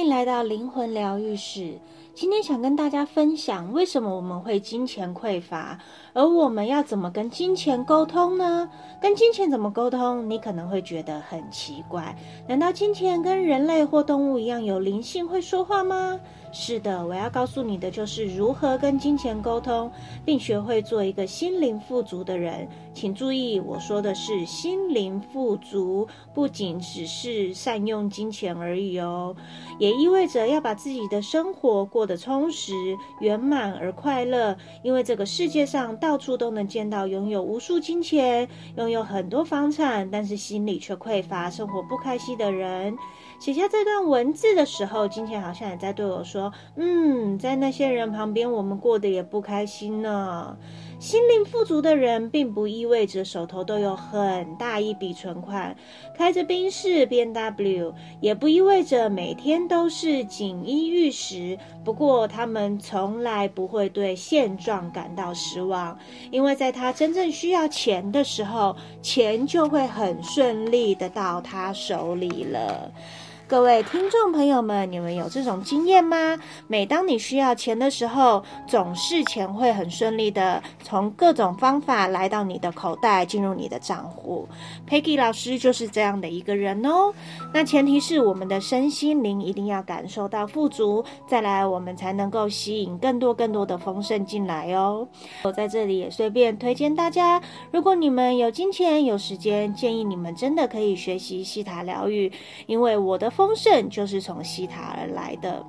歡迎來到靈魂療癒室。今天想跟大家分享，為什麼我們會金錢匱乏，而我們要怎麼跟金錢溝通呢？跟金錢怎麼溝通？你可能會覺得很奇怪。難道金錢跟人類或動物一樣有靈性，會說話嗎？是的，我要告訴你的就是如何跟金錢溝通，並學會做一個心靈富足的人。請注意，我說的是心靈富足，不僅只是善用金錢而已哦，也意味着要把自己的生活過得充實、圓滿而快樂，因為這個世界上到處都能見到擁有無數金錢、擁有很多房產，但是心裡卻匱乏、生活不開心的人。寫下這段文字的時候，金錢好像也在對我說：“嗯，在那些人旁邊，我們過得也不開心呢。”心靈富足的人，並不意味着手頭都有很大一筆存款，開着賓士 BMW，也不意味着每天都是錦衣玉食。不過，他們從來不會對現狀感到失望，因為在他真正需要錢的時候，錢就會很順利的到他手裡了。各位聽眾朋友們，你們有這種經驗嗎？每當你需要錢的時候，總是錢會很順利的從各種方法來到你的口袋，進入你的賬戶。Peggy 老師就是這樣的一個人哦。那前提是我們的身心靈一定要感受到富足，再來我們才能夠吸引更多更多的豐盛進來哦。我在這裡也隨便推薦大家，如果你們有金錢、有時間，建議你們真的可以學習西塔療癒，因為我的。豐盛就是從希塔而來的。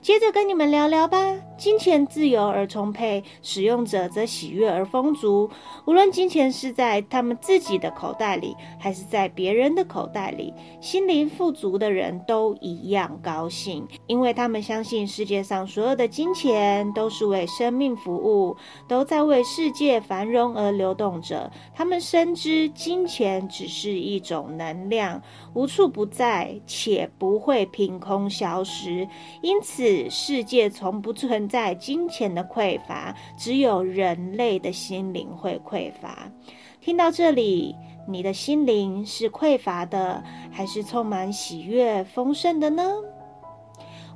接着跟你們聊聊吧。金錢自由而充沛，使用者則喜悅而豐足。無論金錢是在他們自己的口袋裡，還是在別人的口袋裡，心靈富足的人都一樣高興，因為他們相信世界上所有的金錢都是為生命服務，都在為世界繁榮而流動着。他們深知金錢只是一種能量，無處不在，且不會憑空消失，因此，世界從不存在金錢的匱乏，只有人類的心靈會匱乏。聽到這裡，你的心靈是匱乏的，還是充滿喜悅、豐盛的呢？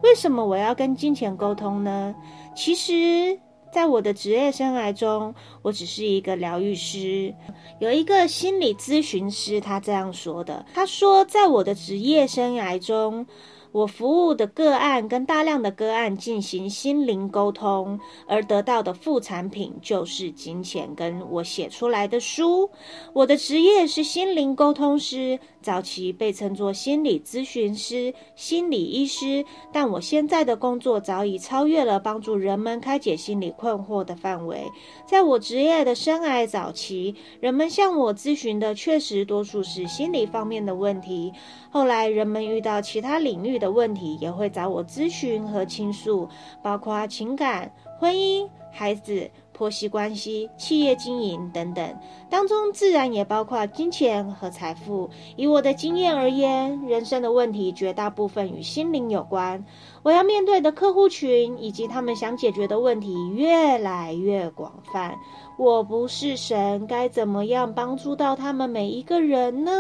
為什麼我要跟金錢溝通呢？其實，在我的職業生涯中，我只是一個療癒師。有一個心理諮詢師，他這樣說的：他說，在我的職業生涯中……我服務的個案跟大量的個案進行心靈溝通，而得到的副產品就是金錢，跟我寫出來的書。我的職業是心靈溝通師，早期被稱作心理諮詢師、心理醫師，但我現在的工作早已超越了幫助人們開解心理困惑的範圍。在我職業的生涯早期，人們向我諮詢的確實多數是心理方面的問題，後來人們遇到其他領域。的問題也會找我諮詢和傾訴，包括情感、婚姻、孩子、婆媳關係、企業經營等等。當中自然也包括金錢和財富。以我的經驗而言，人生的問題絕大部分與心靈有關。我要面對的客戶群以及他們想解決的問題越來越廣泛。我不是神，該怎麼樣幫助到他們每一個人呢？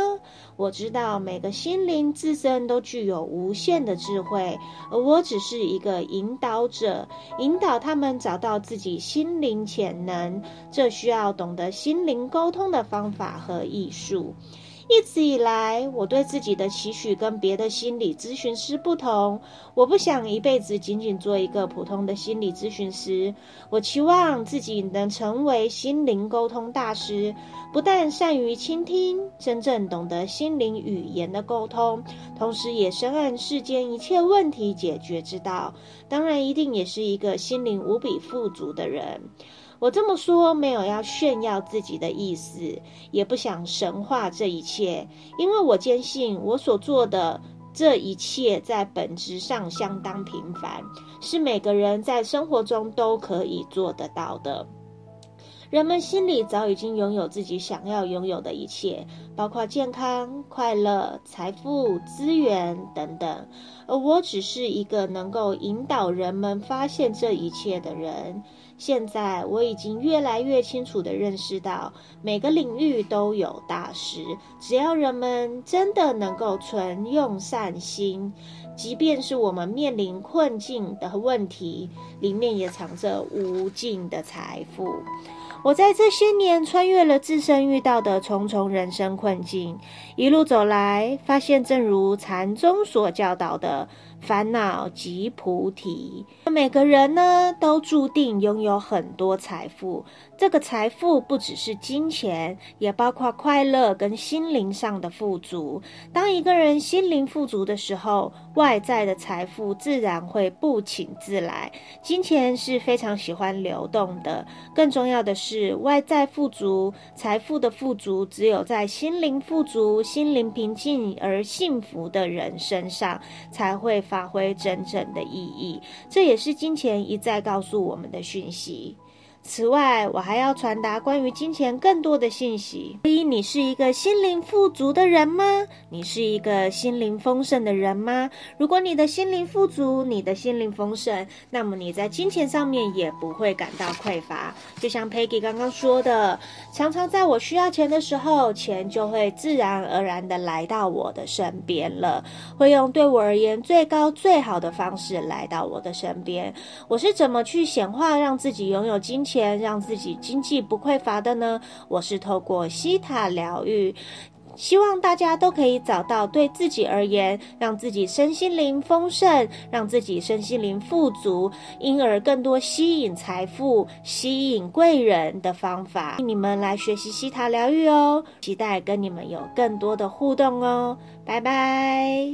我知道每個心靈自身都具有無限的智慧，而我只是一個引導者，引導他們找到自己心靈潛能。這需要懂得心靈溝通的方法和藝術。一直以來，我對自己的期許跟別的心理諮詢師不同。我不想一輩子僅僅做一個普通的心理諮詢師，我期望自己能成為心靈溝通大師，不但善於傾聽，真正懂得心靈語言的溝通，同時也深諳世間一切問題解決之道。當然，一定也是一個心靈無比富足的人。我這麼說，沒有要炫耀自己的意思，也不想神化這一切，因為我堅信我所做的這一切在本質上相當平凡，是每個人在生活中都可以做得到的。人們心裡早已經擁有自己想要擁有的一切，包括健康、快樂、財富、資源等等，而我只是一個能夠引導人們發現這一切的人。現在我已經越來越清楚地認識到，每個領域都有大師。只要人們真的能夠存用善心，即便是我們面臨困境的問題，裡面也藏着無盡的財富。我在這些年穿越了自身遇到的重重人生困境，一路走來，發現正如禪宗所教導的。煩惱即菩提。每個人呢，都注定擁有很多財富。這個財富不只是金錢，也包括快樂跟心靈上的富足。當一個人心靈富足的時候，外在的財富自然會不請自來。金錢是非常喜歡流動的。更重要的是，外在富足、財富的富足，只有在心靈富足、心靈平靜而幸福的人身上才會。發揮真正的意義，這也是金錢一再告訴我們的訊息。此外，我還要傳達關於金錢更多的信息。一，你是一個心靈富足的人嗎？你是一個心靈豐盛的人嗎？如果你的心靈富足，你的心靈豐盛，那麼你在金錢上面也不會感到匱乏。就像 Peggy 剛剛說的，常常在我需要錢的時候，錢就會自然而然的來到我的身邊了，會用對我而言最高最好的方式來到我的身邊。我是怎麼去顯化讓自己擁有金錢？錢讓自己經濟不匱乏的呢？我是透過西塔療癒，希望大家都可以找到對自己而言，讓自己身心靈豐盛，讓自己身心靈富足，因而更多吸引財富、吸引貴人的方法。請你們來學習西塔療癒哦，期待跟你們有更多的互動哦，拜拜。